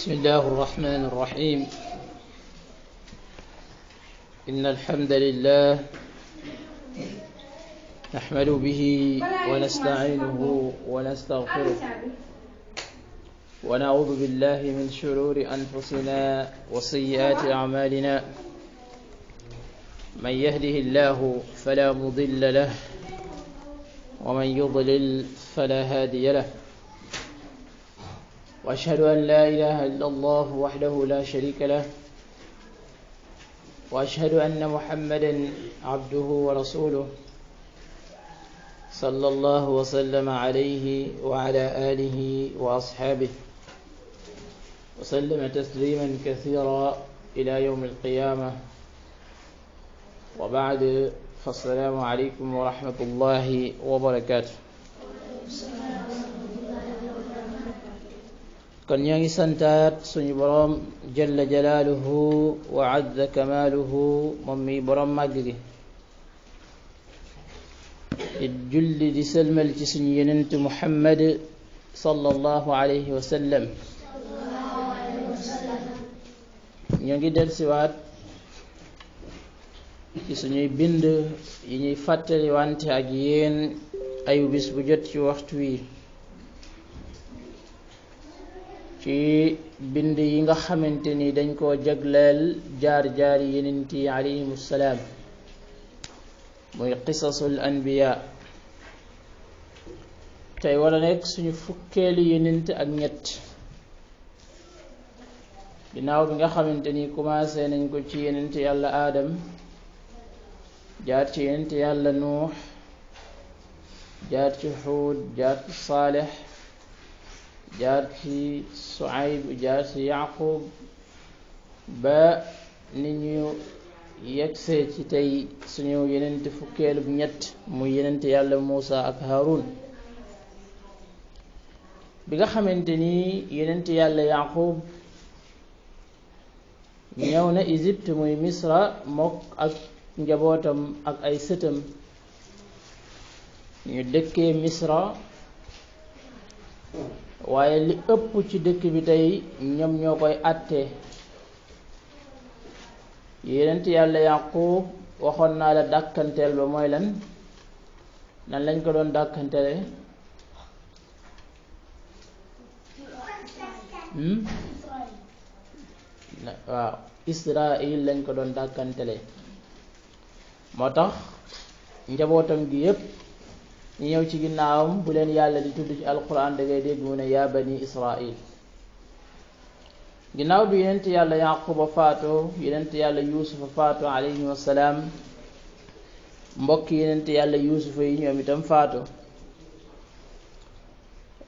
بسم الله الرحمن الرحيم إن الحمد لله نحمد به ونستعينه ونستغفره ونعوذ بالله من شرور أنفسنا وسيئات أعمالنا من يهده الله فلا مضل له ومن يضلل فلا هادي له وأشهد أن لا إله إلا الله وحده لا شريك له وأشهد أن محمدا عبده ورسوله صلى الله وسلم عليه وعلى آله وأصحابه وسلم تسليما كثيرا إلى يوم القيامة وبعد فالسلام عليكم ورحمة الله وبركاته kon ñoo ngi santaat suñu boroom jalla jalaaluhu wa azza kamaaluhu moom mi boroom màgg yi di julli di sëlmal ci suñu yenent muhammad sallallahu alayhi wa sallam ñoo ngi delsiwaat ci suñuy bind yi ñuy fàttali wante ak yéen ayu bis bu jot ci waxtu wi ci bind yi nga xamante ni dañ koo jagleel jaar-jaar yenent yi alayhim salaam muy qisasul anbiya tey war a nekk suñu fukkeelu yenent ak ñett ginnaaw bi nga xamante ni commencé nañ ko ci yenent yàlla aadam jaar ci yenent yàlla nuux jaar ci xuud jaar ci saalex jaar ci Suayb jaar ci Yaqub ba ni ñu yegsee ci tey suñu yenente fukkeelub ñett muy yenente yàlla Muusa ak Haarun bi nga xamante ni yenente yàlla Yaqub ñëw na Égypte muy Misra mook ak njabootam ak ay sëtam ñu dëkkee Misra waaye li ëpp ci dëkk bi tey ñoom ñoo koy àtte yonent yàlla Yaaqub waxoon naa la dàkkanteel ba mooy lan nan lañ ko doon dàkkantele hmm? waaw Israil lañ ko doon dàkkantele moo tax njabootam gi yépp ñi ñëw ci ginnaawam bu leen yàlla di tudd ci alquran da ngay dégg mu ne yaa bani israil ginnaaw bi yenent yàlla yaquba faato yenent yàlla yuusufa faato alayhi wasalaam mbokk yenent yàlla yuusufa yi ñoom itam faato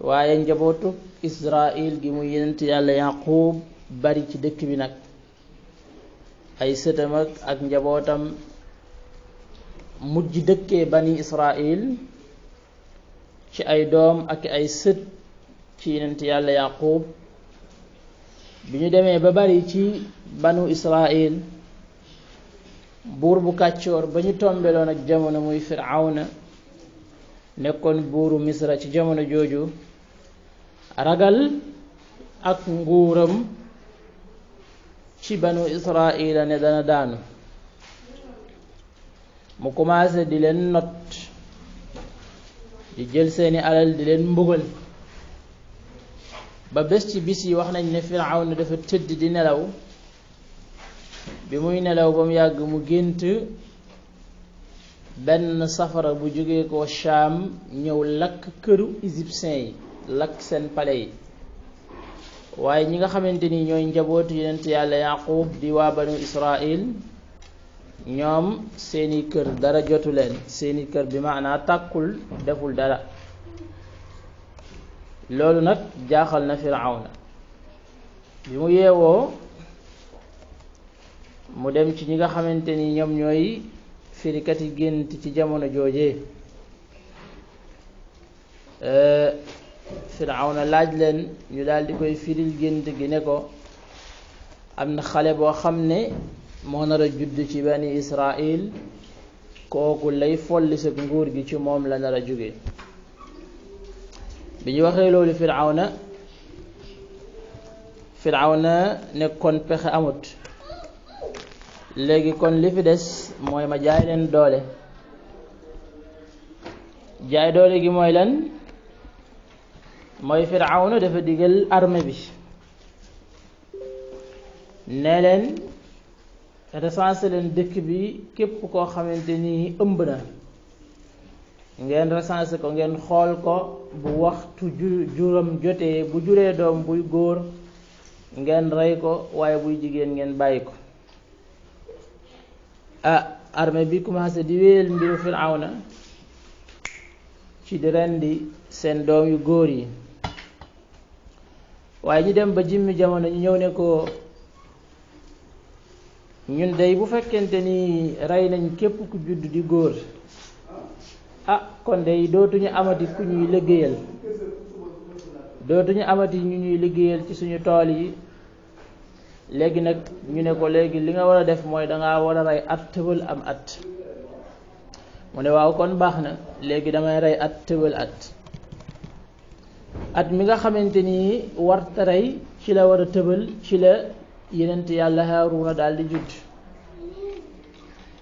waaye njabootuk israil gi mu yenent yàlla yaqub bari ci dëkk bi nag ay sëtam ak njabootam mujj dëkkee bani israil ci ay doom ak ay sët ci yonent yàlla yaqub bi ñu demee ba bari ci banu israil buur bu kàccoor ba ñu tombeloon ak jamono muy firawna nekkoon buuru misra ci jamono jooju ragal ak nguuram ci banu israila ne dana daanu mu commencé di leen not di jël seeni alal di leen mbugal ba bés ci bis yi wax nañ ne Firawna dafa tëdd di nelaw bi muy nelaw ba mu yàgg mu gént benn safara bu jógee ko Shaam ñëw lakk këru égyptien yi lakk seen pale yi waaye ñi nga xamante ni ñooy njabootu yonent yàlla Yaqub di waa banu Israil ñoom seeni kër dara jotu leen seeni kër bi maanaa tàkkul deful dara loolu nag jaaxal na firawna bi mu yeewoo mu dem ci ñi nga xamante ni ñoom ñooy firikati gént ci jamono joojee euh, firawna laaj leen ñu daldi di koy firil gént gi ne ko am na xale boo xam ne moo nar a judd ci bani Israil kooku lay follis ak nguur gi ci moom la nar a jóge bi ñu waxee loolu Firawna Firawna ne kon pexe amut léegi kon li fi des mooy ma jaay leen doole jaay doole gi mooy lan mooy Firawna dafa digal arme bi ne leen recensé leen dëkk bi képp koo xamante ni ëmb na ngeen recensé ko ngeen xool ko bu waxtu ju juram jotee bu juree doom buy góor ngeen rey ko waaye buy jigéen ngeen bàyyi ko ah armée bi commencé di wéyal mbiru Firawna ci di rendi seen doom yu góor yi waaye ñu dem ba jimmi jamono ñu ñëw ne ko ñun day bu fekkente ni rey nañ képp ku judd di góor ah kon day dootuñu amati ku ñuy liggéeyal dootuñu amati ñu ñuy liggéeyal ci suñu tool yi léegi nag ñu ne ko léegi li nga war a def mooy danga war a rey at tëbal am at mu ne waaw kon baax na léegi damay rey at tëbal at at mi nga xamante ni warta rey ci la war a tëbal ci la yenent yàlla Haaruna daal di judd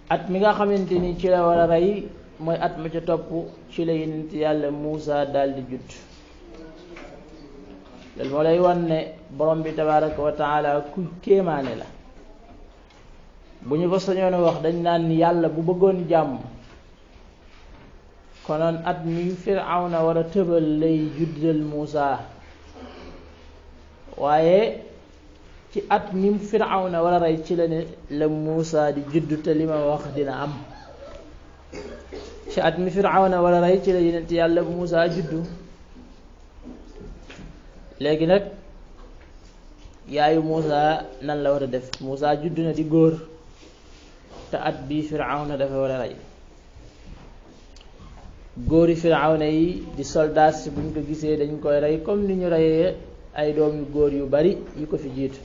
at mi nga xamante ni ci la war a rey mooy at ma ca topp ci la yenent yàlla Muusa daldi judd loolu moo lay wan ne borom bi tabaaraka wa ku kéemaane la bu ñu ko sañoon wax dañ naan yàlla bu bëggoon jàmm konoon at mi Firawna war a tëbal lay juddal Muusa waaye ci at mim Firawna war a rey ci la ne la Muusa di judd te li ma wax dina am ci at mi Firawna war a rey ci la yeneen yonent yàlla Muusa juddu léegi nag yaayu Muusa nan la war a def Muusa juddu na di góor te at bi Firawna dafa war a rey góori Firawna yi di soldat si buñ ko gisee dañ koy rey comme ni ñu reyee ay doom góor yu bari yu ko fi jiitu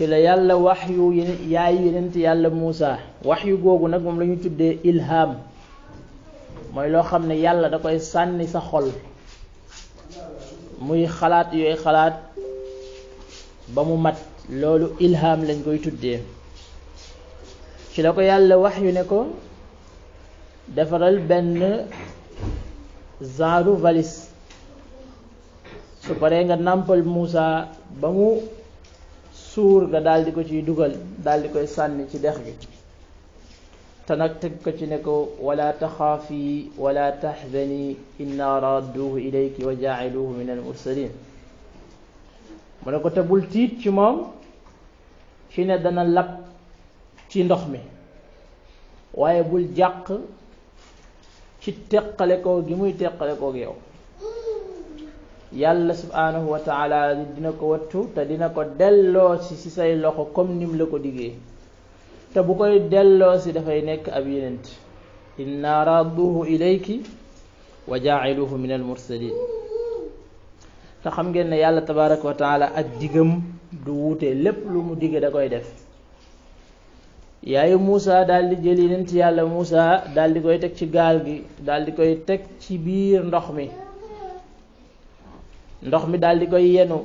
ci la yàlla wax yu yaayu yenent yàlla Muusa wax yu googu nag moom lañuy tuddee ilham mooy loo xam ne yàlla da koy sànni sa xol muy xalaat yooyu xalaat ba mu mat loolu ilham lañ koy tuddee ci la ko yàlla wax yu ne ko defaral benn genre valise su nga nàmpal Muusa ba mu suur nga daal di ko ciy dugal daldi koy sànni ci dex gi te nag teg ko ci ne ko wala taxaafi wala taxzani inna radduhu ilayki wa jaaciluhu min al mu ne ko te bul tiit ci moom ci ne dana lab ci ndox mi waaye bul jàq ci teqale ko gi muy teqale koog yow yàlla subhaanahu wa taala dina ko wattu te dina ko delloosi ci say loxo comme nim la ko diggee te bu koy delloosi dafay nekk ab yenent inna radduhu ilayki wa jaa'iluhu min al mursalin te xam ngeen ne yàlla tabaraka wa ak digam du wuute lépp lu mu digge da koy def yaayu Moussa daal di jël yenent yàlla Moussa daal di koy teg ci gaal gi daal di koy teg ci biir ndox mi ndox mi daal di koy yenu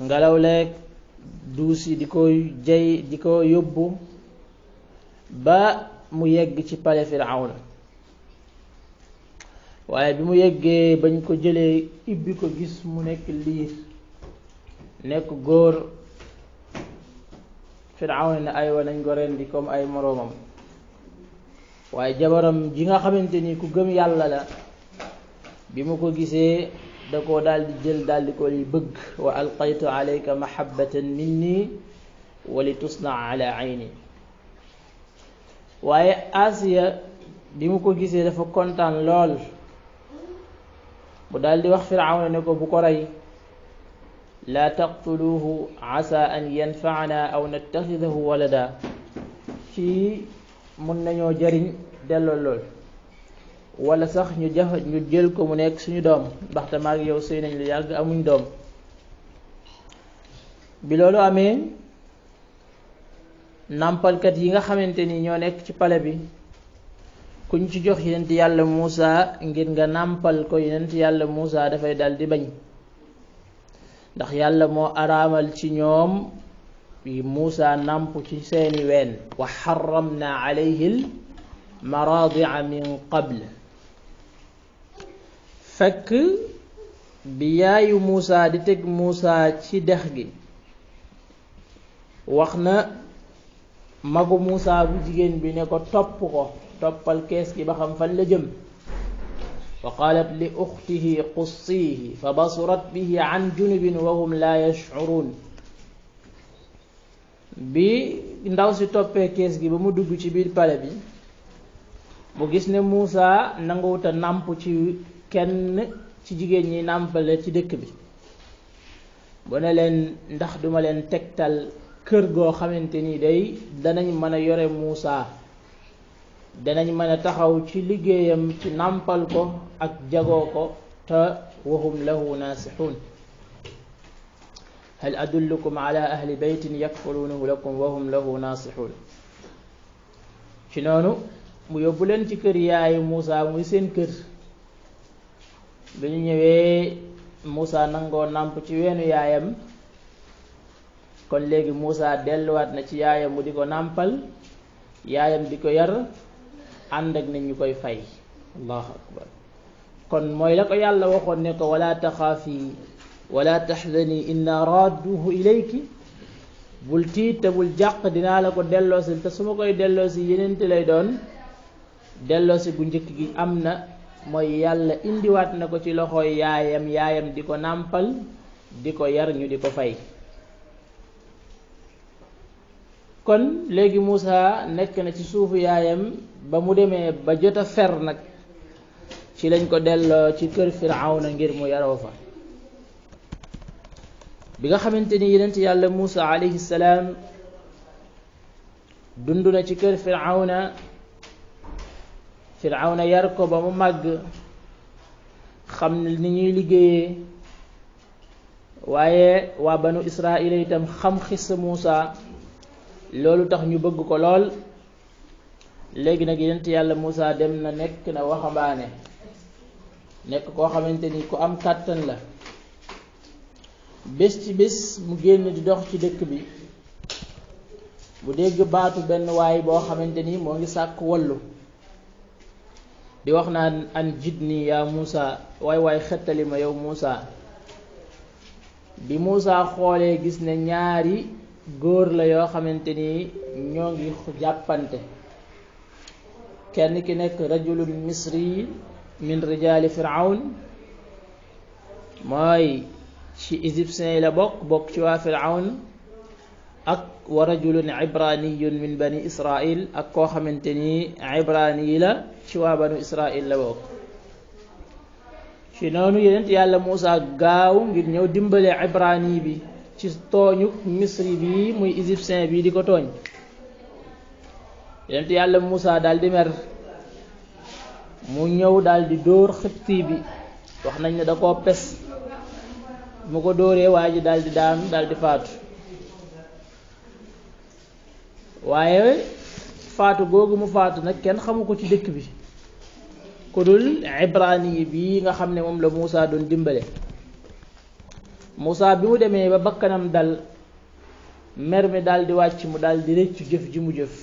ngelaw leeg duus yi di koy jay di ko yóbbu ba mu yegg ci pale Firawna waaye bi mu yeggee bañ ko jëlee ibbi ko gis mu nekk lii nekk góor Firawna ne aywa nañ ko rendi comme ay moroomam waaye jabaram ji nga xamante ni ku gëm yàlla la bi mu ko gisee da koo di jël daal di koy bëgg wa alqaytu alayka mahabbatan minni wa li tusnaa ayni waaye Asiya bi mu ko gisee dafa kontaan lool mu daal di wax firawna ne ko bu ko rey laa taqtuluuhu asa an yanfaana aw nattaxidahu walada fii mun nañoo jariñ delloo lool wala sax ñu jafe ñu jël ko mu nekk suñu doom ndaxte maag yow sëy nañ lu yàgg amuñ doom bi loolu amee nàmpalkat yi nga xamante ni ñoo nekk ci pale bi kuñ ci jox yonent yàlla Muusa ngir nga nàmpal ko yonent yàlla Muusa dafay dal di bañ ndax yàlla moo araamal ci ñoom Muusa nàmp ci seeni ween wa xaramna alayhi l maradia min qable fekk bi yaayu Muusa di teg Muusa ci dex gi wax na magu Muusa bu jigéen bi ne ko topp ko toppal kees gi ba xam fan la jëm wa qaalat li uxtihi qussiihi fa basurat bihi an junubin wa hum la yashcuruun bi ndaw si toppee kees gi ba mu dugg ci biir pale bi mu gis ne Muusa nanguwuta nàmp ci kenn ci jigéen ñi nàmpale ci dëkk bi bu ne leen ndax duma leen tegtal kër goo xamante ni day danañ mën a yore Moussa danañ mën a taxaw ci liggéeyam ci nàmpal ko ak jagoo ko te wahum lahu naasixuun hal adullukum ala ahli baytin yakfuluunahu lakum wahum lahu naasixuun ci noonu mu yóbbu leen ci kër yaayu Moussa muy seen kër bi ñu ñëwee Moussa nangoo nàmp ci weenu yaayam kon léegi Moussa delluwaat na ci yaayam mu di ko nàmpal yaayam di ko yar ànd ak nit koy fay allahu kon mooy la ko yàlla waxoon ne ko wala taxaafi wala taxzani inna radduhu ilayki bul tiit te bul jàq dinaa la ko delloosi te su ma koy delloosi yenente lay doon delloosi gu njëkk gi am na mooy yàlla indiwaat na ko ci loxo yaayam yaayam di ko nàmpal di ko yar ñu di ko fay kon léegi muusa nekk na ci suufu yaayam ba mu demee ba jot a fer nag ci lañ ko delloo ci kër Firawna ngir mu yaroo fa bi nga xamante ni yenent yàlla Moussa alayhi dund na ci kër Firawna firawna yar ko ba mu màgg xam ni ñuy liggéeyee waaye waa banu israila itam xam xis Muusa loolu tax ñu bëgg ko lool léegi nag yent yàlla Muusa dem na nekk na waxambaane nekk koo xamante ni ku am kàttan la bés ci bés mu génn di dox ci dëkk bi mu dégg baatu benn waay boo xamante ni moo ngi sàkk wallu di wax naa an jidni yaa Muusa waay waay xettali ma yow Muusa bi Muusa xoolee gis ne ñaari góor la yoo xamante ni ñoo ngi jàppante kenn ki nekk rajulun misri min rijaali firawn mooy ci égyptien yi la bokk bokk ci waa firawn ak wa rajulun ibraaniyun min bani israil ak koo xamante ni ibraani yi la ci waa banu la bokk ci noonu yenent yàlla Muusa gaaw ngir ñëw dimbale ibrani bi ci tooñu misri bi muy égyptien bi di ko tooñ yenent yàlla Muusa daal di mer mu ñëw daal dóor xibti bi wax nañ ne da koo pes mu ko dóoree waa ji daal di daanu daal faatu waaye faatu googu mu faatu nag kenn xamu ko ci dëkk bi ku dul ibrani bii nga xam ne moom la Moussa doon dimbale Moussa bi mu demee ba bakkanam dal mer mi daldi di wàcc mu daldi di jëf ji mu jëf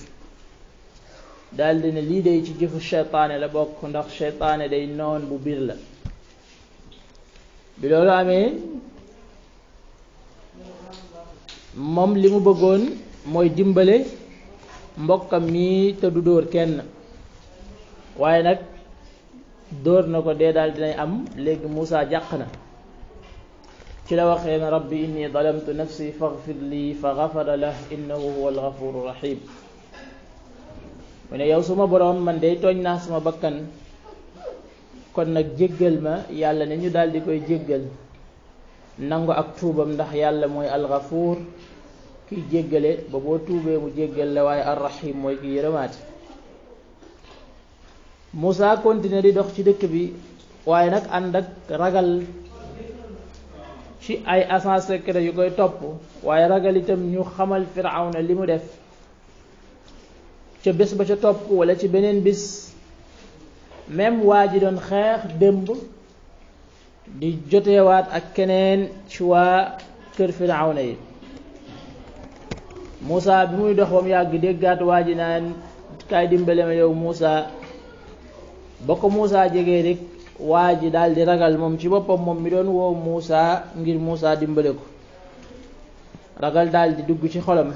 daal ne lii day ci jëfu seytaane la bokk ndax seytaane day noon bu biir la bi loolu amee moom li mu bëggoon mooy dimbale mbokkam mi te du dóor kenn waaye nag dóor na ko dee daal dinay am léegi Muusa jàq na ci la waxee ne rabbi inni dalamtu nafsi faghfir lii fa ghafara lah innahu huwa alghafuru rahim mu ne yow suma boroom man day tooñ naa suma bakkan kon nag jéggal ma yàlla ne ñu daal di koy jéggal nangu ak tuubam ndax yàlla mooy alghafuur kiy jéggale ba boo tuubee mu jéggal la waaye arrahim mooy kiy yërëmaate Moussa continué di dox ci dëkk bi waaye nag ànd ak ragal ci ay agents secrets yu koy topp waaye ragal itam ñu xamal Firawna li mu def ca bés ba ca topp wala ci beneen bis même waa ji doon xeex démb di jotewaat ak keneen ci waa kër Firawna yi Moussa bi muy dox ba mu yàgg déggaat waa ji naan kaay dimbale ma yow Moussa. ba ko Moussa jegee rek waa ji daal ragal moom ci boppam moom mi doon wow Moussa ngir Moussa dimbale ko ragal daal di dugg ci xolam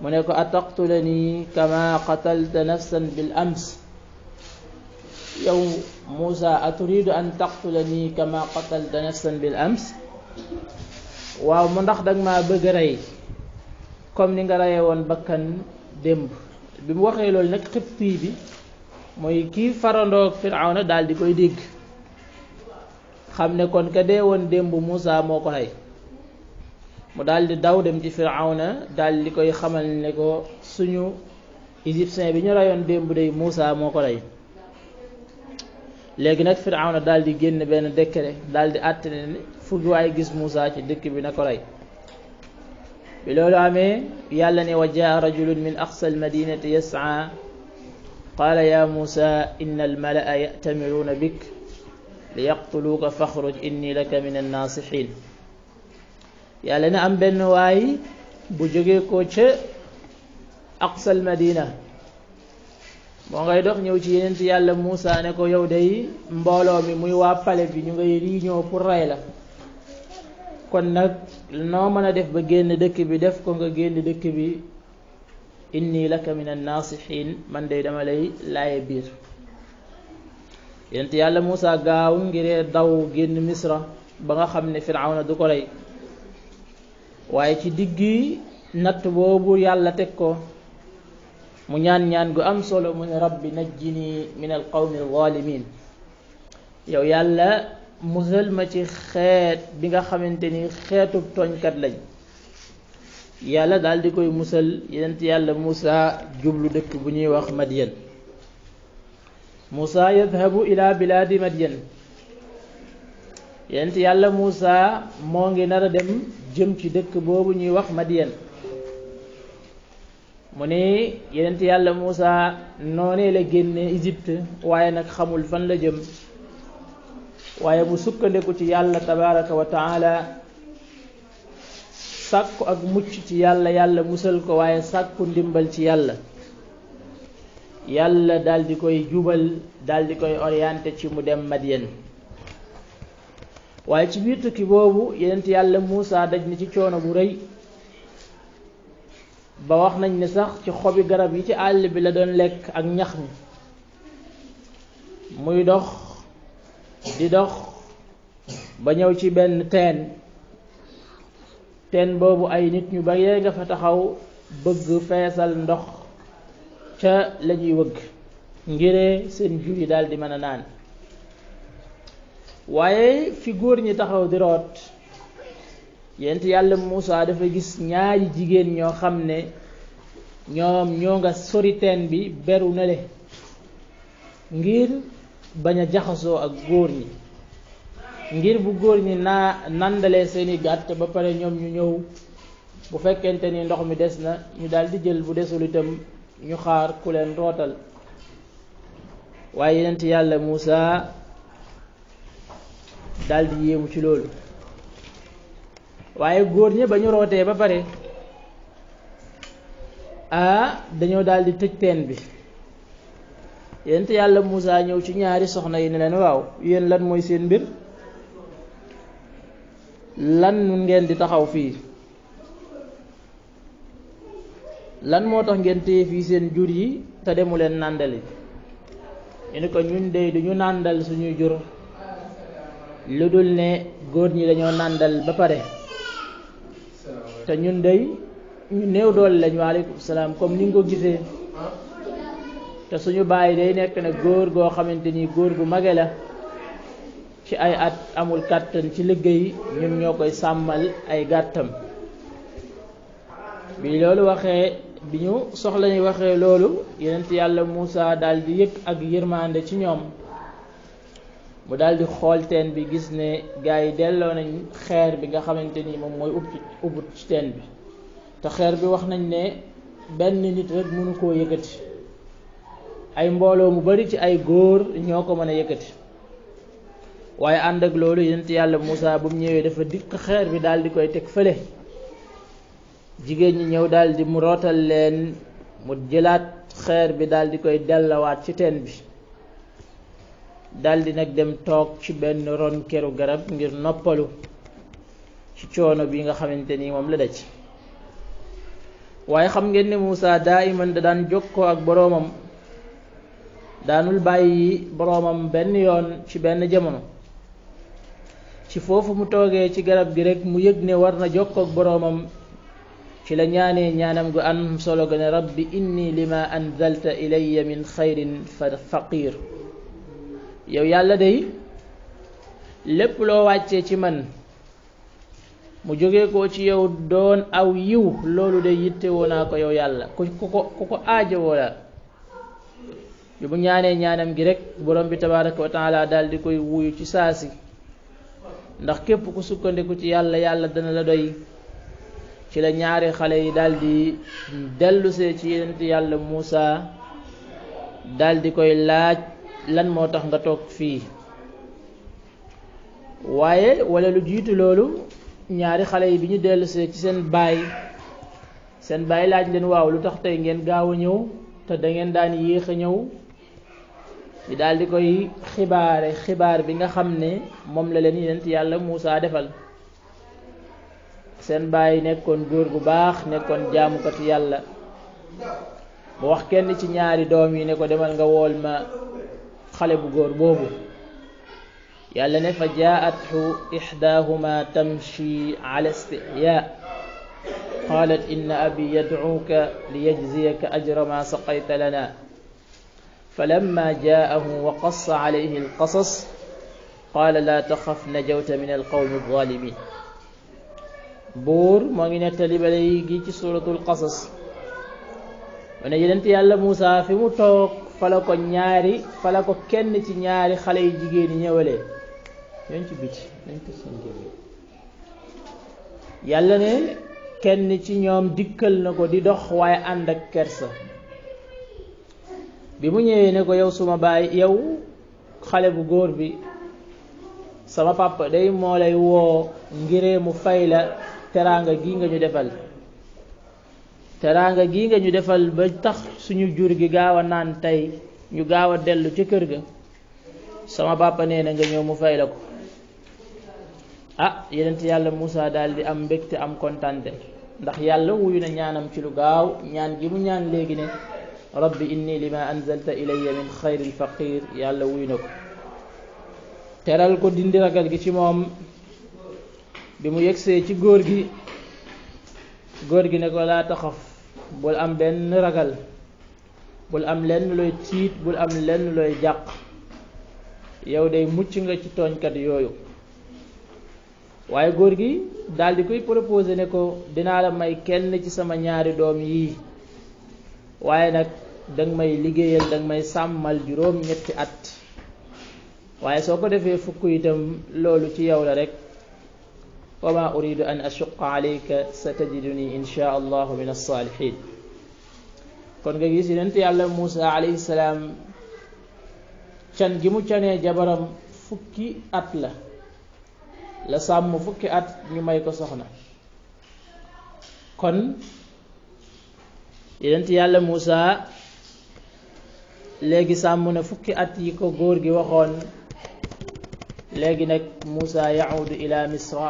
mu ne ko ataqtulani kama qatalta nafsan bil ams yow Moussa aturidu an taqtulani kama qatalta nafsan bil ams waaw mu ndax dag ma bëgg a rey comme ni nga reyee woon bakkan démb bi mu waxee loolu nag xëpp bi mooy kii farandoog firawna daal di koy dégg xam ne kon ka dee woon démb muusa moo ko rey mu daldi daw dem ci firawna daal di koy xamal ne ko suñu égyptien bi ñu reyoon démb day Moussa moo ko rey léegi nag firawna daal di génn benn décret daal àtt àtte ne fu waay gis Moussa ci dëkk bi na ko rey bi loolu amee yàlla ne wa jaa min aqsa al madinati yas'a qaala yaa muusa inna almalaa yatamiruuna bik liyaqtuluuka faxruj inni laka min na am benn waay bu jógee ko ca aqsal madina moo ngay dox ñëw ci yeneen ci yàlla Muusa ne ko yow day mbooloo mi muy waa pale bi ñu ngay réunion pour rey la kon nag noo mën a def ba génn dëkk bi def ko nga génn dëkk bi inni laka min annaasixiin man de dama lay laaye biir yent yàlla Muusa gaaw ngiree daw génn misra ba nga xam ne firawna du ko rey waaye ci diggi natt boobu yàlla teg ko mu ñaan ñaan gu am solo mu ne rabbi najjini min al qawmi alzalimin yow yàlla musal ma ci xeet bi nga xamante ni xeetub tooñkat lañ yàlla daal di koy musal yonent yàlla Muusa jublu dëkk bu ñuy wax Madyan Muusa yadhabu ila bilaadi Madyan yonent yàlla Muusa moo ngi nar a dem jëm ci dëkk boobu ñuy wax Madyan mu ne yonent yàlla Muusa noonee la génne Égypte waaye nag xamul fan la jëm waaye bu sukkandiku ci yàlla tabaraka wa taala sàkku ak mucc ci yàlla yàlla musal ko waaye sàkku ndimbal ci yàlla yàlla daldi koy jubal daldi koy orienté ci mu dem Madyan waaye ci biir tukki boobu yenent yàlla Muusa daj na ci coono bu rëy ba wax nañ ne sax ci xobi garab yi ci àll bi la doon lekk ak ñax mi muy dox di dox ba ñëw ci benn teen teen boobu ay nit ñu baree nga fa taxaw bëgg feesal ndox ca la ñuy wëgg ngiree seen jur yi daal di mën a naan waaye fi góor ñi taxaw di root yent yàlla Muusa dafa gis ñaari jigéen ñoo xam ne ñoom ñoo nga sori teen bi beru nale ngir bañ a jaxasoo ak góor ñi ngir bu góor ñi naa nandalee seeni gàtt ba pare ñoom ñu ñëw bu fekkente ni ndox mi des na ñu daal di jël bu desul itam ñu xaar ku leen rootal waaye yenent yàlla Muusa daldi di yéemu ci loolu waaye góor ñi ba ñu rootee ba pare ah dañoo daldi tëj teen bi yenent yàlla Muusa ñëw ci ñaari soxna yi ne leen waaw yéen lan mooy seen mbir lan ngeen di taxaw fii lan moo tax ngeen téye fii seen jur yi te demu leen nàndali ñu ni ko ñun dey duñu nàndal suñu jur lu dul ne góor ñi dañoo nàndal ba pare te ñun dey ñu néew dool lañ waaleykum salaam comme ni nga ko gisee te suñu bàyyi day nekk na góor goo xamante ni góor gu mage la ci ay at amul kàttan ci liggéey ñun ñoo koy sàmmal ay gàttam bi loolu waxee bi ñu soxla ñu waxee loolu yenent yàlla Muusa daldi yëg ak yërmande ci ñoom mu daldi xool teen bi gis ne gaa yi delloo nañ xeer bi nga xamante ni moom mooy ub ci teen bi te xeer bi wax nañ ne benn nit rek mënu koo yëkkati ay mbooloo mu bari ci ay góor ñoo ko mën a yëkkati waaye ànd ak loolu yonent yàlla Moussa bu ñëwee dafa dikk xeer bi daal di koy teg fële jigéen ñi ñëw daldi di mu rootal leen mu jëlaat xeer bi daal di koy dellawaat ci teen bi daldi nag dem toog ci benn ron garab ngir noppalu ci coono bi nga xamante ni moom la daj waaye xam ngeen ne Moussa daa iman da daan jokkoo ak boroomam daanul bàyyi boroomam benn yoon ci benn jamono ci foofu mu toogee ci garab gi rek mu yëg ne war na jox jokkoog boroomam ci la ñaanee ñaanam gu am solo ga rab bi inni lima anzalta ilayya min xayrin fa faqir yow yàlla day lépp loo wàcce ci man mu jóge ko ci yow doon aw yiw loolu de yitte woo naa ko yow yàlla ku ko ku ko aajo la bi mu ñaanee ñaanam gi rek borom bi tabaraka wa taala daal koy wuyu ci saa si ndax képp ku sukkandiku ci yàlla yàlla dana la doy ci la ñaari xale yi daldi dellusee ci yonent yàlla Muusa daldi koy laaj lan moo tax nga toog fii waaye walla lu jiitu loolu ñaari xale yi bi ñu dellusee ci seen baay seen baay laaj leen waaw lu tax tey ngeen gaaw a ñëw te dangeen ngeen daan yéex a ñëw ñu daal di koy xibaare xibaar bi nga xam ne moom la leen yonent yàlla Muusa defal seen bàyyi nekkoon góor bu baax nekkoon ko jaamukatu yàlla mu wax kenn ci ñaari doom yi ne ko demal nga wool ma xale bu góor boobu yàlla ne fa jaathu ixdaahuma tamshi ala istihya qaalat inna abi yadcuuka li yajziyaka ajra ma saqayta lana فلما جاءه وقص عليه القصص قال لا تخف نجوت من القوم الظالمين buur moo ngi nettali ba ci suuratul qasas mu ne yonent yàlla Muusa fi mu toog fala ñaari fala kenn ci ñaari xale yu jigéen yi ñëwalee ñooñ ci ne kenn ci ñoom dikkal na ko di dox waaye ànd ak kersa bi mu ñëwee ne ko yow suma baay yow xale bu góor bi sama papa day moo lay woo ngiree mu fay la teraanga gi nga ñu defal teraanga gi nga ñu defal ba tax suñu jur gi gaaw a naan tey ñu gaaw a dellu ci kër gi sama papa nee na nga ñëw mu fay la ko ah yenent yàlla Moussa daal di am mbégte am kontante ndax yàlla wuyu na ñaanam ci lu gaaw ñaan gi mu ñaan léegi ne rabbi inni lima anzalta ilayya min xayrin faqir yàlla wuy na ko teral ko dindi ragal gi ci moom bi mu yegsee ci góor gi góor gi ne ko laa taxaf bul am benn ragal bul am lenn looy tiit bul am lenn looy jàq yow day mucc nga ci tooñkat yooyu waaye góor gi daldi koy proposé ne ko dinaa la may kenn ci sama ñaari doom yii waaye nag danga may liggéeyal danga may sàmmal juróom ñetti at waaye soo ko defee fukk itam loolu ci yow la rek wa ma uridu an ashuqa alayka sa tajiduni insha allahu min alsaalihin kon nga gis yonent yàlla Muusa alayhi salaam can gi mu jabaram fukki at la la sàmm fukki at ñu may ko soxna kon yonent yàlla Muusa léegi sàmm na fukki at yi ko góor gi waxoon léegi nag Moussa yaudu ila misra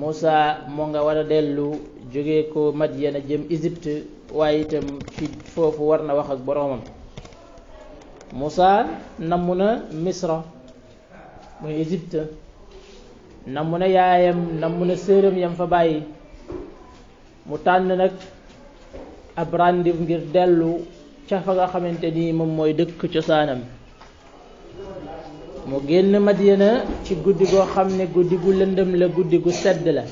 Moussa mu nga war a dellu jóge ko Madyana jëm Égypte waaye itam ci foofu war na wax ak boroomam Moussa namm na misra muy Égypte namm na yaayam namm na séeram yam fa bàyyi mu tànn nag ab rendez ngir dellu ca fa nga xamante nii moom mooy dëkk cosaanam mu génn Madina ci guddi goo xam ne guddi gu lëndëm la guddi gu sedd la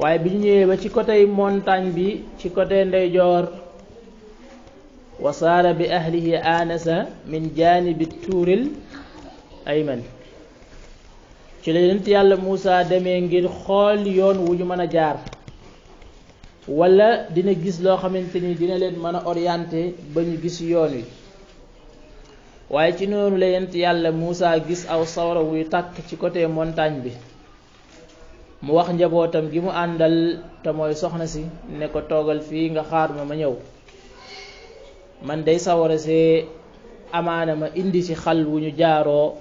waaye bi ñu ñëwee ba ci côté montagne bi ci ko côté ndeyjoor wa bi bi ahlihi anasa min bi tuuril ayman ci la yonent yàlla Muusa demee ngir xool yoon wu ñu mën a jaar wala dina gis loo xamante ni dina leen mën a orienté ba ñu gis yoon wi waaye ci noonu la yent yàlla Moussa gis aw sawra wuy tàkk ci côté montagne bi mu wax njabootam gi mu àndal te mooy soxna si ne ko toogal fii nga xaar ma ma ñëw man dey sawara si amaana ma indi ci xal wu ñu jaaroo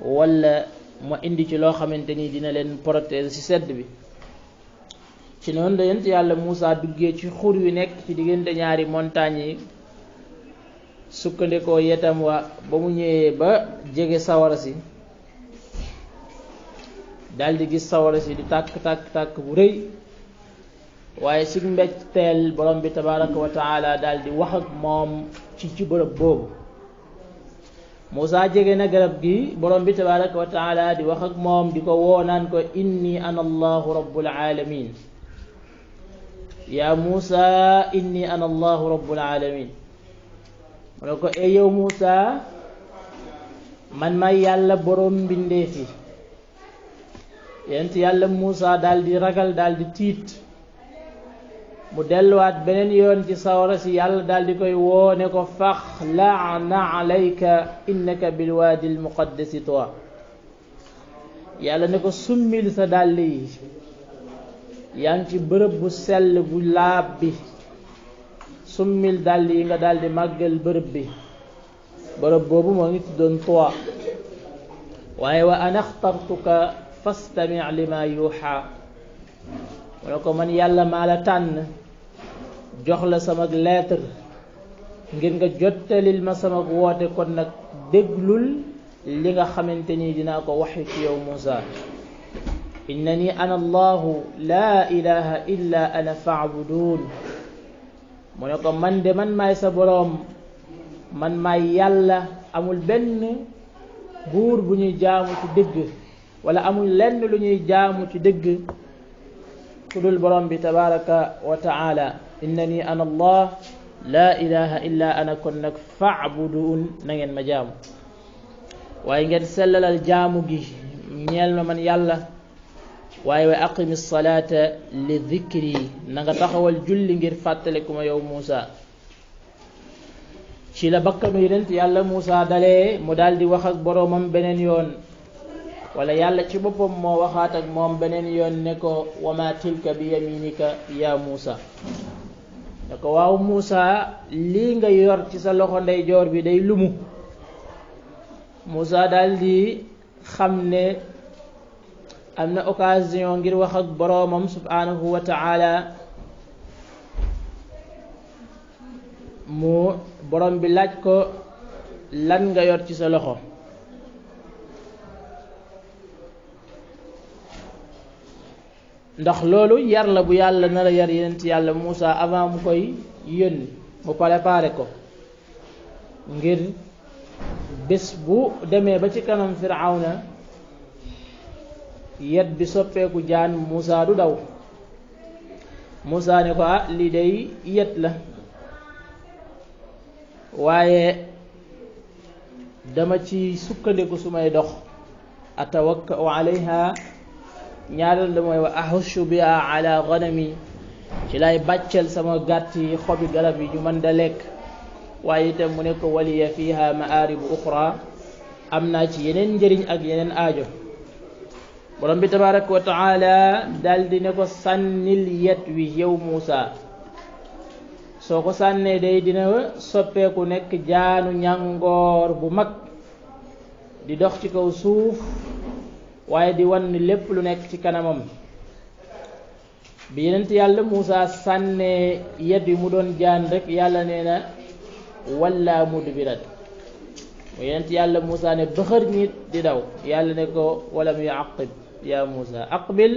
wala ma indi ci loo xamante nii dina leen protéger ci sedd bi ci noonu la yàlla Moussa dugge ci xur wi nekk ci diggante ñaari montagne yi sukkandikoo yetam wa ba mu ñëwee ba jege sawara si daldi gis sawara si di tàkk tàkk tàkk bu rëy waaye si mbéjteel borom bi tabaraka wa taala daldi wax ak moom ci ci bërëb boobu Moussa jege na garab gi borom bi tabaraka wa taala di wax ak moom di ko woo ko inni ana allahu rabbul alamin yaa Muusa inni ana allahu rabbul alamin mu ne ko e Muusa man may yàlla boroom mbindeef yi Muusa daldi ragal daldi tiit mu delluwaat beneen yoon ci sawara si yàlla daldi di koy woone ko fax laana alayka innaka bilwaadi almuqaddasi toi yàlla ne ko summil sa dàll yi yaa ngi ci bërëb bu sell bu laab bi summil dàll yi nga daldi màggal bërëb bi bërëb boobu moo ngi tuddoon Tuwa waaye wa ana xtartuka fastami lima yuuxa mu ne ko mën yàlla maa la tànn jox la sama lettre ngir nga jottalil ma sama woote ko nag déglul li nga xamante ni dinaa ko waxi ci yow Muusa innani ana allahu laa ilaha illa ana faabudun mu ne ko man de man maay sa boroom man may yàlla amul benn buur bu ñuy jaamu ci dëgg wala amul lenn lu ñuy jaamu ci dëgg ku dul boroom bi tabaraka wa taala innani ana allah laa ilaha illa ana kon nag faabudun na ngeen ma jaamu waaye ngeen sellalal jaamu gi ñeel ma man yàlla waaye wa aqimi salaata li dikri na nga taxawal julli ngir fàttaliku yow Muusa ci la bakkanu yonent yàlla Muusa dalee mu daldi wax ak boroomam beneen yoon wala yàlla ci boppam moo waxaat ak moom beneen yoon ne ko wa ma tilka bi yaminika yaa Muusa ne ko waaw Muusa lii nga yor ci sa loxo ndeyjoor bi day lumu Muusa daal xam ne am na occasion ngir wax ak boroomam subhaanahu wa taala mu boroom bi laaj ko lan nga yor ci sa loxo ndax loolu yar la bu yàlla nar a yar yenent yàlla Muusa avant mu koy yónni mu préparé ko ngir bés bu demee ba ci kanam Firawna yet bi soppeeku jaan Moussa du daw Moussa ne ko ah lii day yet la waaye dama ci sukkandiku su may dox atawakkau alayha ñaareel la mooy wa ahushu biha ala ganami ci lay bàccel sama gàtt yi xobi garab yi ñu mën da lekk waaye itam mu ne ko waliya fiha maaribu uxra am naa ci yeneen njëriñ ak yeneen aajo borom bi tabaraka wa taala daldi ne ko sànnil yet wi yow Muusa soo ko sànnee day dina soppeeku nekk jaanu ñàngoor bu mag di dox ci kaw suuf waaye di wan lépp lu nekk ci kanamam bi yenent yàlla Muusa sànnee yet wi mu doon jaan rekk yàlla nee na walla mudbiran mu yent yàlla Moussa ne bëxër nit di daw yàlla ne ko walam yu aqib ya Moussa aqbil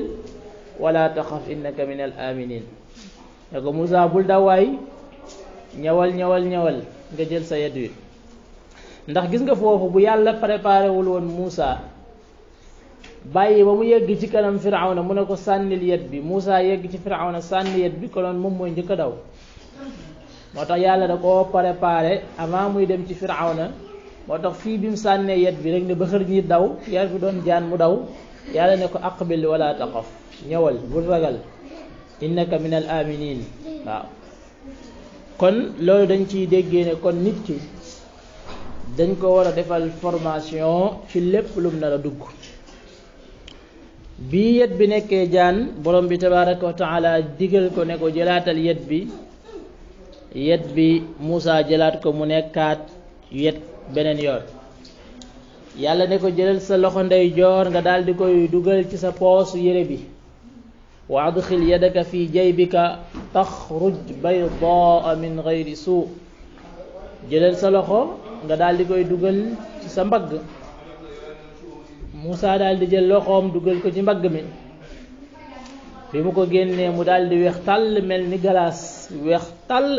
wala taxaf innaka min al aminin ne ko Moussa bul daw ñawal ñawal ñawal nga jël sa yet wi ndax gis nga foofu bu yàlla préparé wul woon Moussa bàyyi ba mu yegg ci kanam Firawna mu ne ko sànnil yet bi Moussa yegg ci Firawna sànni yet bi konoon moom mooy njëkk a daw moo tax yàlla da koo préparé avant muy dem ci Firawna moo tax fii bi mu sànnee yet bi rek ne ba xër ñi daw yar bi doon jaan mu daw yàlla ne ko aqbil wala taqaf ñëwal bul ragal innaka min aminin waaw kon loolu dañ ciy déggee ne kon nit ki dañ ko war a defal formation ci lépp lum nar a dugg bii yet bi nekkee jaan borom bi tabaraka wa digal ko ne ko jëlaatal yet bi yet bi Moussa jëlaat ko mu nekkaat yet beneen yoon yàlla ne ko jëlal sa loxo ndeyjoor nga daal di koy dugal ci sa poosu yére bi wa adxil yadaka fi jaybika taxruj baydaa min gayri suu jëlal sa loxo nga daldi koy dugal ci sa mbagg Moussa daal di jël loxoom dugal ko ci mbagg mi bi mu ko génnee mu daldi weex tàll mel ni galaas weex tàll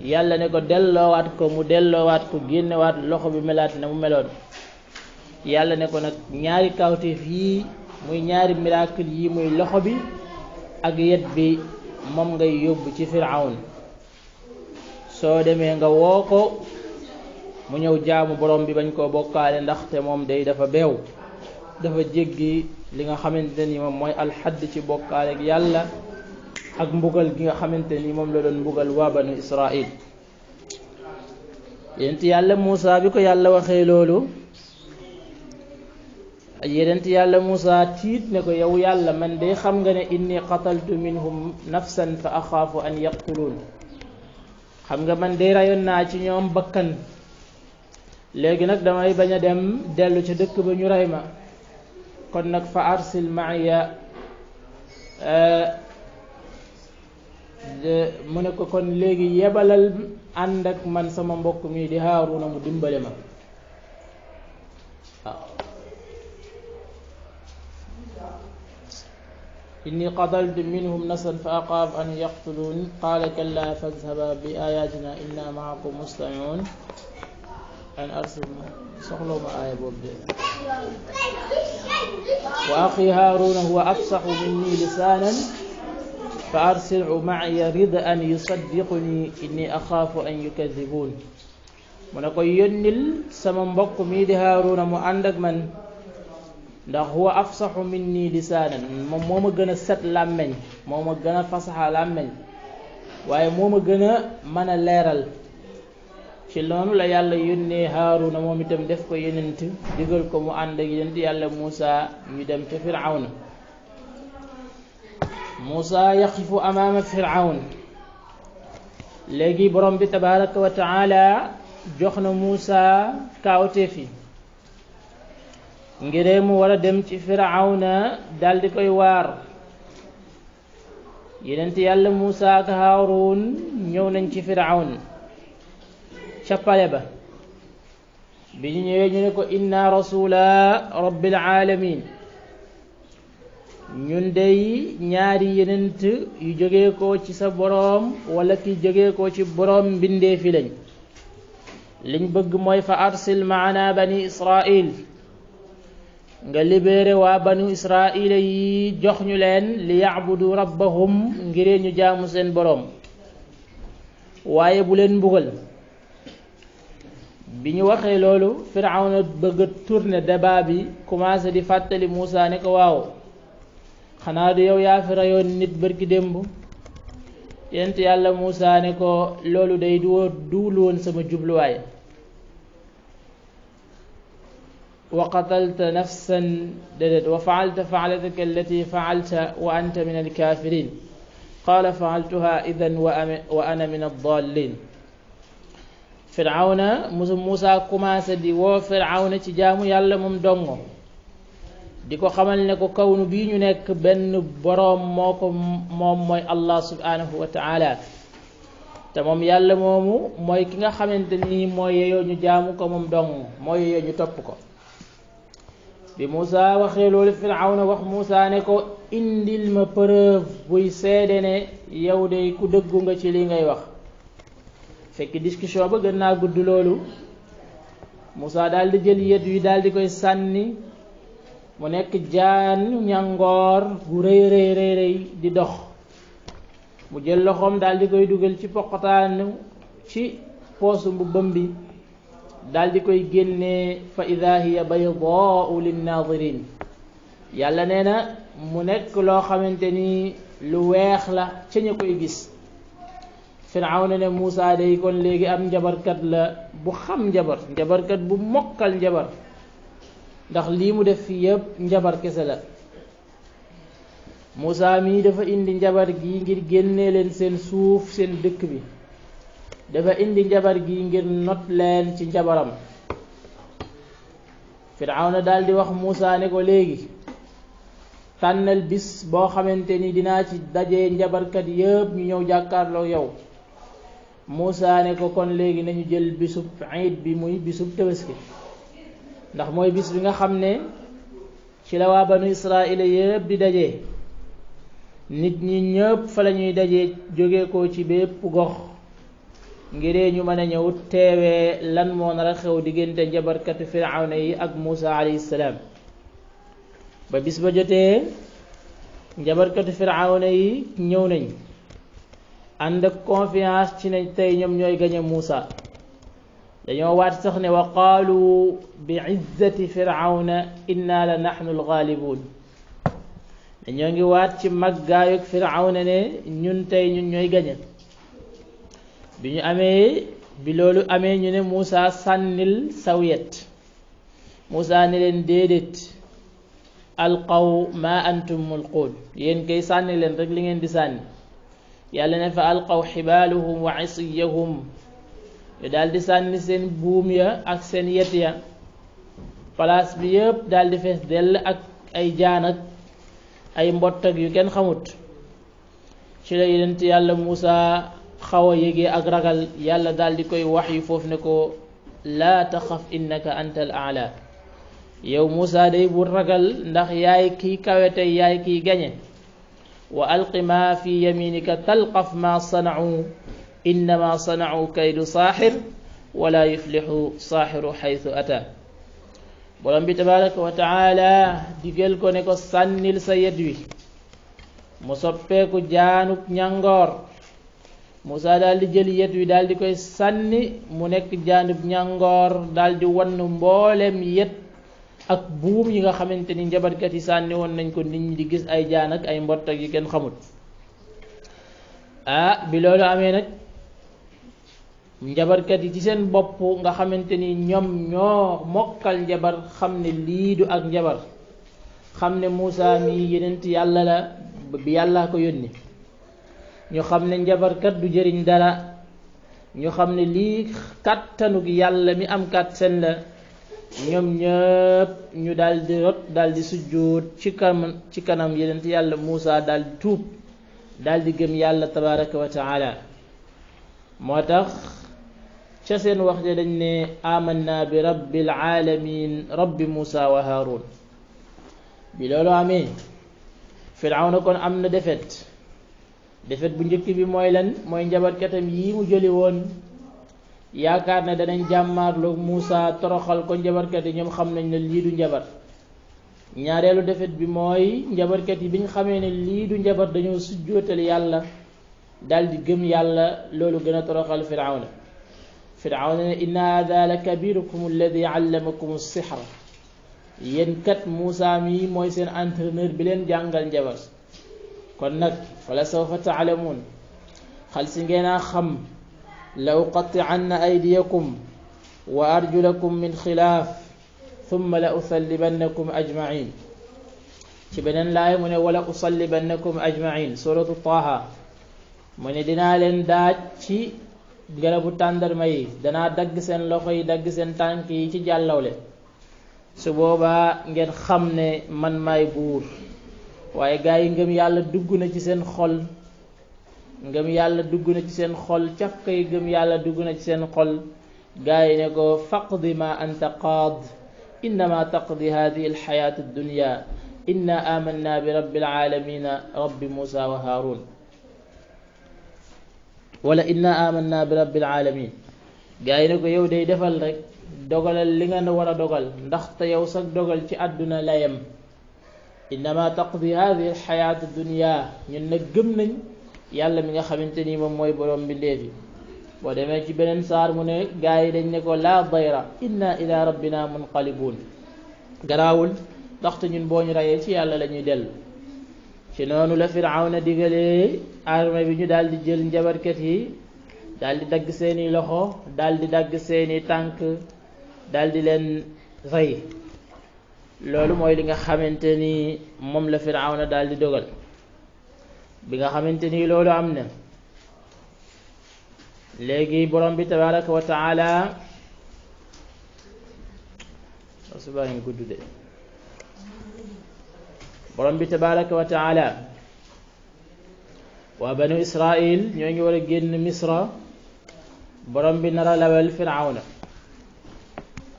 yàlla ne ko delloowaat ko mu delloowaat ko génnewaat loxo bi melaat na mu meloon yàlla ne ko nag ñaari kawteef yii muy ñaari miracle yi muy loxo bi ak yet bi moom ngay yóbbu ci firawn soo demee nga woo ko mu ñëw jaamu borom bi bañ koo bokkaale ndaxte moom day dafa beew dafa jéggi li nga xamante ni moom mooy alxadd ci bokkaale ak yàlla ak mbugal gi nga xamante ni moom la doon mbugal waa banu Israil yonent yàlla Muusa bi ko yàlla waxee loolu yonent yàlla Muusa tiit ne ko yow yàlla man de xam nga ne inni qataltu minhum nafsan fa axaafu an yaqtuluun xam nga man de rayoon naa ci ñoom bakkan léegi nag damay bañ a dem dellu ca dëkk ba ñu rey ma kon nag fa arsil maaya mu ne ko kon léegi yebalal ànd ak man sama mbokk mi di Haaruna mu dimbale ma waaw inni qadaltu minhum nasan fa aqaaf an yaqtuluun qaala kallaa fadhaba bi ayatina inna maakum mustamiun an arsil soxloo ma aaya boobu de wa axi Haaruna huwa afsaxu minni lisaanan fa arsilhu maaya ridan yusaddiquni inni axaafu an yukadibuun mu ne ko yónnil sama mbokk mii di haaruna mu ànd ak man ndax huwa afsaxu min nii lisaanan moom moo ma gën set làmmeñ moo ma gën a fasaxa làmmeñ waaye moo ma gën a mën a leeral ci loolu la yàlla yónnee haaruna moom itam def ko yonent digal ko mu ànd ak yonent yàlla Muusa ñu dem ca Firawna Moussa yaqifu amaama Firawn léegi borom bi tabaraka wa taala jox na Moussa kaawteef yi ngir mu war a dem ci Firawna daldi di koy waar yonent yàlla Moussa ak Haaruun ñëw nañ ci Firawn ca pale ba bi ñu ñëwee ñu ne ko inna rasula rabbil alamin ñun dey ñaari yenent yu jóge ko ci sa boroom wala ki jóge ko ci boroom mbindee fi lañ liñ bëgg mooy fa arsil maana bani israil nga libéré waa banu israila yi jox ñu leen li yacbudu rabbahum ngiree ñu jaamu seen boroom waaye bu leen mbugal bi ñu waxee loolu firawna bëgg a tourner bi commencé di fàttali Muusa ne ko waaw xanaa du yow yaa fi nit bërki démb yent yàlla Moussa ne ko loolu day duwoo duwul woon sama jubluwaay wa qatalta nafsan déedéet wa faalta faalataka allati faalta wa anta min alkafirin qaala faaltuha idan wa ana min addallin firawna musa Moussa woo firawna ci jaamu yàlla moom dongo di ko xamal ne ko kaw kawnu bii ñu nekk benn boroom moo ko moom mooy allah subhanahu wa te moom yàlla moomu mooy ki nga xamante nii mooy yeyoo ñu jaamu ko moom dong mooy yeyoo ñu topp ko bi Moussa waxee loolu Firawna wax Moussa ne ko indil ma preuve buy seede ne yow de ku dëggu nga ci li ngay wax fekk discussion ba gën naa gudd loolu Moussa daldi jël yet wi daal di koy sànni mu nekk jaan ñàngoor gu rëy rëy rëy di dox mu jël loxoom daal koy dugal ci poqataanu ci poosu mbubbam bi daldi koy génnee fa idaa hiya baydaau linnaadirin yàlla nee na mu nekk loo xamante ni lu weex la ca ñu koy gis firawna ne Muusaa day kon léegi am njabarkat la bu xam njabar njabarkat bu mokkal njabar ndax lii mu def fii yëpp njabar kese la Moussa mii dafa indi njabar gi ngir génnee leen seen suuf seen dëkk bi dafa indi njabar gi ngir not leen ci njabaram Firawna daldi wax Moussa ne ko léegi tànnal bis boo xamante ni dinaa ci dajee njabarkat yëpp ñu ñëw jàkkaarloo yow Moussa ne ko kon léegi nañu jël bisub iid bi muy bisub gi ndax mooy bis bi nga xam ne ci la waa banu israila yëpp di daje nit ñi ñëpp fa la ñuy dajee jóge ko ci bépp gox ngiree ñu mën a ñëw teewee lan moo nar a xew diggante njabarkatu firawna yi ak Muusa alayhi salaam ba bis ba jotee njabarkatu firawna yi ñëw nañ ànd ak confiance ci ne tey ñoom ñooy gañe Muusa dañoo waat sax ne wa qaalu bi izzati firawna inna la nahnu alxaalibuun dañoo ngi waat ci màggaayug firawna ne ñun tey ñun ñooy gañe bi ñu amee bi loolu amee ñu ne Moussa sànnil sawyet Moussa ni leen déedéet alqaw ma antum mulquun yéen kay sànni leen rek li ngeen di sànni yàlla ne fa alqaw xibaaluhum wa isiyahum ñu di sànni seen buum ya ak seen yet ya palaas bi yëpp daal fees dell ak ay jaan ak ay mbott ak yu kenn xamut ci la yonent yàlla Muusa xaw a yégee ak ragal yàlla daal di koy wax yu foofu ne ko laa taxaf innaka anta al yow Muusa day bu ragal ndax yaay kiy kawe tey yaay kiy gañe wa alqi ma fi yaminika talqaf ma sanau innama sanau kaydu saaxir wala yuflixu saaxiru xaytu ata borom bi tabaraka wa taala ko ne ko sànnil sa yet wi mu soppeeku jaanub ñangoor Musaa daldi jël yet wi daal di koy sànni mu nekk jaanub ñangoor daldi di wann mbooleem yet ak buum yi nga xamante ni njabarkat yi sànni woon nañ ko nit ñi di gis ay jaan ak ay mbott ak yi kenn xamut ah bi loolu amee nag njabarkat yi ci seen bopp nga xamante ni ñoom ñoo mokkal njabar xam ne lii du ak njabar xam ne Moussa mi yenent yàlla la bi yàlla ko yónni ñu xam ne njabarkat du jëriñ dara ñu xam ne lii kàttanug yàlla mi am kàttan la ñoom ñëpp ñu daal di rot daal sujjuut ci kanam ci kanam yenent yàlla Moussa daal tuub daldi gëm yàlla tabaraka wa taala moo tax ca seen wax ja dañ ne amanna bi rabbil alamin rabbi Muusa wa Haarun bi loolu amee firawna kon am na defet defet bu njëkk bi mooy lan mooy njabarkatam yi mu jëli woon yaakaar ne danañ jàmmaarloog Muusa toroxal ko njabarkat yi ñoom xam nañ ne lii du njabar ñaareelu defet bi mooy njabarkat yi bi xamee ne lii du njabar dañoo sujjootal yàlla daldi gëm yàlla loolu gën a toroxal firawna firaaw ne inna hada la kabirukum alladi allamakum sixra yéen kat Moussa mii mooy seen entraîneur bi leen jàngal njabar kon nag fala sawfa taalamuun xal si ngeen a xam la uqatianna aydiyakum wa arjulakum min xilaaf thumma la usallibannakum ajmain ci beneen laay mu ne wala usallibannakum ajmain suratu taha mu ne dinaa leen daaj ci ngelawu tàndarma yi danaa dagg seen loxo yi dagg seen tànk yi ci jàllawle su boobaa ngeen xam ne man maay buur waaye gaa yi ngëm yàlla dugg na ci seen xol ngëm yàlla dugg na ci seen xol càkk yi yàlla dugg na ci seen xol gaa yi ne ko faqdi ma anta qaad innama taqdi hadihi alxayaat addunya inna amanna bi rabbil alamina rabbi musa wa haarun wala inna amanna bi rabbil alamin gaa yi ne ko yow day defal rekk dogalal li nga war a dogal ndaxte yow sax dogal ci àdduna la yem innama taqdi hadihi alxayaat dunia ñun nag gëm nañ yàlla mi nga xamante ni moom mooy borom mbindeef yi boo demee ci beneen saar mu ne gaa yi dañ ne ko laa dayra inna ila rabbina munqalibuun garaawul ndaxte ñun boo ñu rayee ci yàlla lañuy ñuy dellu ci noonu la firawna digalee armée bi ñu daal jël njabarkat yi daldi dagg seeni loxo daldi dagg seeni tànk daldi leen rey loolu mooy li nga xamante ni moom la firawna daal di dogal bi nga xamante ni loolu am na léegi borom bi tabaraka wa taala subaa ngi gudd de borom bi tabaraka wa taala waa banu israil ñoo ngi war a génn misra borom bi nar a lawel firawna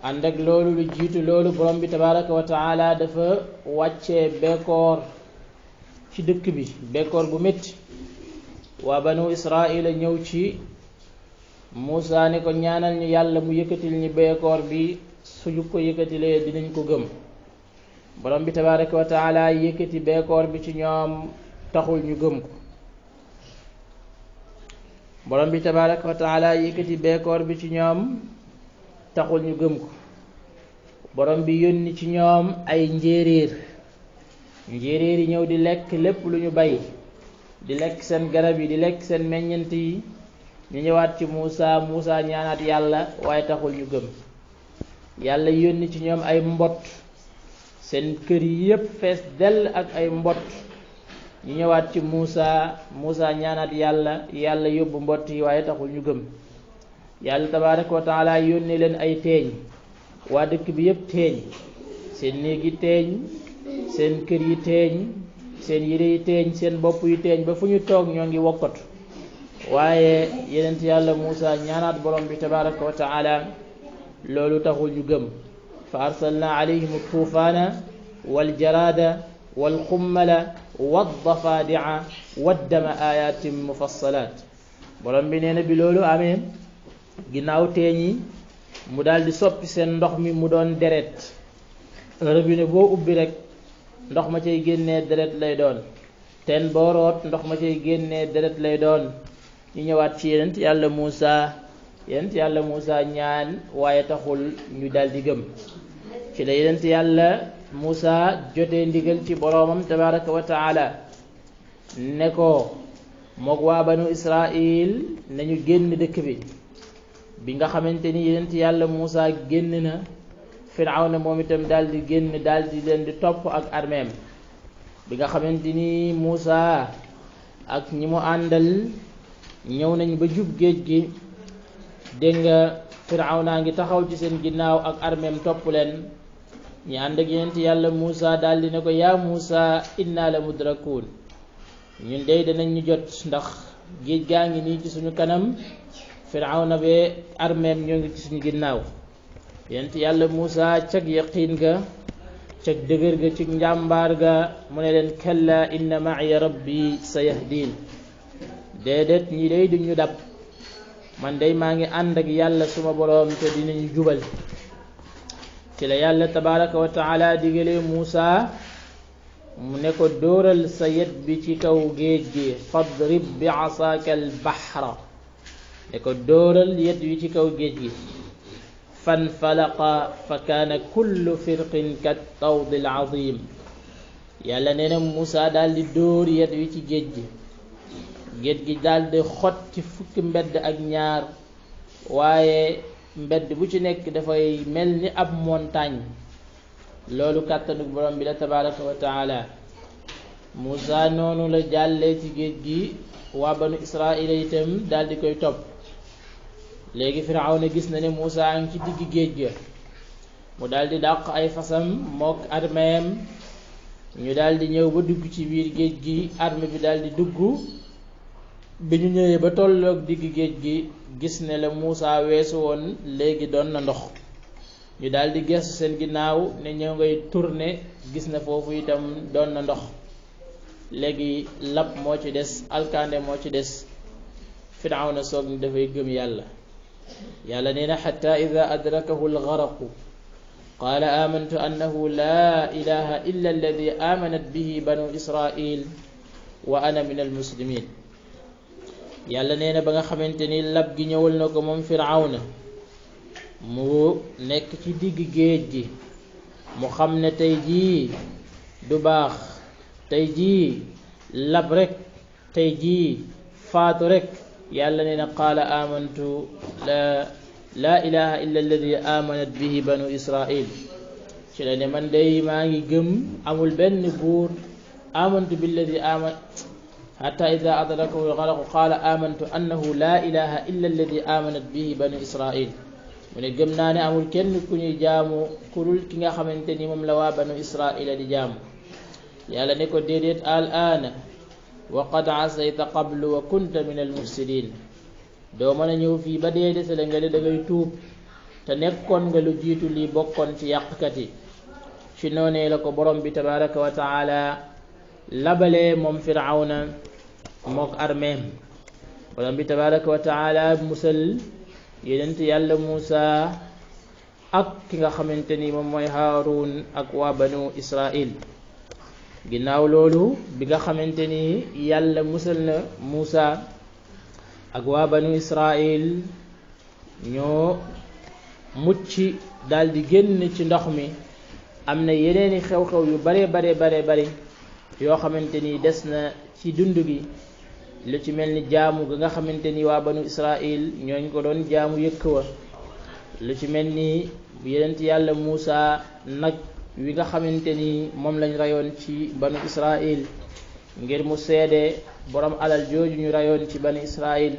ànd ak loolu lu jiitu loolu borom bi tabaraka wa taala dafa wàcce bekkoor ci dëkk bi bekkoor bu metti waa banu israila ñëw ci Muusa ne ko ñaanal ñu yàlla mu yëkkatil ñi bekkoor bi suñu ko yëkkatilee dinañ ko gëm borom bi tabaraka wa taala yëkkati beekoor bi ci ñoom taxul ñu gëm ko borom bi tabaraka wa taala bi ci ñoom taxul ñu gëm ko borom bi yónni ci ñoom ay njéeréer njéeréer yi ñëw di lekk lépp lu ñu bay di lekk seen garab yi di lekk seen meññant yi ñu ñëwaat ci Muusa Muusa ñaanaat yàlla waaye taxul ñu gëm yàlla yónni ci ñoom ay mbott seen kër yi yépp fees dell ak ay mbott ñu ñëwaat ci Muusa Muusa ñaanaat yàlla yàlla yóbbu mbott yi waaye taxul ñu gëm yàlla tabaaraka wa taala yónnee leen ay teeñ waa dëkk bi yépp teeñ seen néeg yi teeñ seen kër yi teeñ seen yére yi teeñ seen bopp yi teeñ ba fu ñu toog ñoo ngi wokkatu waaye yeneen yàlla Muusa ñaanaat borom bi tabaaraka wa taala loolu taxul ñu gëm fa arsalna alayhim altuufaana waljarada walxummala waddafaadica waddama ayatin mufassalat borom bi nee na bi loolu amee ginnaaw teeñ yi mu daldi soppi seen ndox mi mu doon deret robinet boo ubbi rekk ndox ma cay génne deret lay doon teen boroot ndox ma cay génnee deret lay doon ñu ñëwaat ci yonent yàlla Muusa yàlla Muusa ñaan waaye taxul ñu daldi gëm ci la yonent yàlla Moussa jotee ndigal ci boroomam tabaraka wa ne ko moog waa banu Israil nañu génn dëkk bi bi nga xamante ni yonent yàlla Moussa génn na Firawna moom itam daal génn daal di leen di topp ak armeem bi nga xamante ni muusa ak ñi mu àndal ñëw nañ ba jub géej gi dégg nga Firawna ngi taxaw ci seen ginnaaw ak armeem topp leen ñi ànd ak yonent yàlla Moussa daal di ko yaa Moussa inna la mudrakuun ñun dey danañ ñu jot ndax géej gaa ngi nii ci suñu kanam firawna be armeem ñoo ngi ci suñu ginnaaw yonent yàlla Moussa cag yaqiin ga cag dëgër ga cig njàmbaar ga mu ne leen kalla inna maaya bi sa yahdiin déedéet ñi dey duñu dab man dey maa ngi ànd ak yàlla suma boroom te dinañu jubal ci la yàlla tabaraka wa taala Muusa mu ne ko dooral sa yet bi ci kaw géej gi fadrib bi asaaka al bahra ne ko dóoral yet wi ci kaw géej gi fanfalaqa fa kaana kullu firqin ka tawdi al azim yàlla nee na Muusa daal di yet wi ci géej gi géej gi daal di ci fukk mbedd ak ñaar waaye mbedd bu ci nekk dafay mel ni ab montagne loolu kàttanu borom bi la tabaraka wa taala Moussa noonu la jàllee ci géej gi waa banu Israaïla itam daal di koy topp léegi Firawna gis na ne Moussa a ci digg géej ga mu daal dàq ay fasam mook armeem ñu daldi ñëw ba dugg ci biir géej gi arme bi daal di dugg bi ñu ñëwee ba tolloog digg géej gi gis ne la Moussa weesu woon léegi doon na ndox ñu daldi di geesu seen ginnaaw ne ñëw ngay tourner gis na foofu itam doon na ndox léegi lab moo ci des alkaande moo ci des firawna soog ni dafay gëm yàlla yàlla nee na xata ida adrakahu algaraqu qaala amantu annahu laa ilaha illa alladi amanat bihi banu israil wa ana min almuslimin yàlla nee na ba nga xamante ni lab gi ñëwal na ko moom firawna mu nekk ci digg géej gi mu xam ne tey jii du baax tey ji lab rekk tey ji faatu rek yàlla nee na qaala amantu la laa ilaha illa alladi amanat banu israil ci la ne man day maa ngi gëm amul benn buur amantu billadi aman حتى إذا أدركه الغرق قال آمنت أنه لا إله إلا الذي آمنت به بني إسرائيل mu ne gëm ne amul kenn ku ñuy jaamu kurul ki nga xamante ni moom lawa waa banu israila di jaamu yàlla ne ko déedéet al aana wa qad asayta qablu wa kunta min al mufsidin doo ñëw fii ba dee desale nga ne dangay tuub te nekkoon nga lu li lii bokkoon ci yàqkat yi ci noonee la ko borom bi wa taala labalee moom firawna mook armeem borom bi tabaraka wa taala musal yenent yàlla Muusa ak ki nga xamante ni moom mooy Haarun ak waa banu Israil ginnaaw loolu bi nga xamante ni yàlla musal na Muusa ak waa banu Israil ñoo mucc daal génn ci ndox mi am na yeneeni xew-xew yu bare bare bare bare yoo xamante ni des na ci dund gi lu ci mel ni jaamu ga nga xamante ni waa banu ñoo ñooñ ko doon jaamu yëkk wa lu ci mel ni yenent yàlla Muusa nag wi nga xamante ni moom lañ rayoon ci banu israil ngir mu seede borom alal jooju ñu rayoon ci banu israil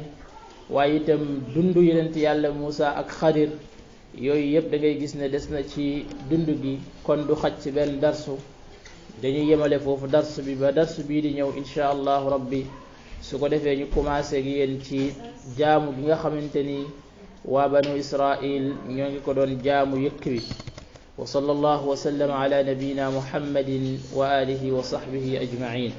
waaye itam dundu yenent yàlla Muusa ak Xadir yooyu yëpp da ngay gis ne des na ci dund gi kon du xaj ci benn darsu dañuy yemale foofu darsu bi ba darsu bii di ñëw incha allahu rabbi su ko defee ñu commencé ak yéen ci jaamu gi nga xamante ni waa banu israil ñoo ngi ko doon jaamu yëkk wi wa sallallahu wa sallam ala nabiyina muhammadin wa alihi wa sahbihi ajmain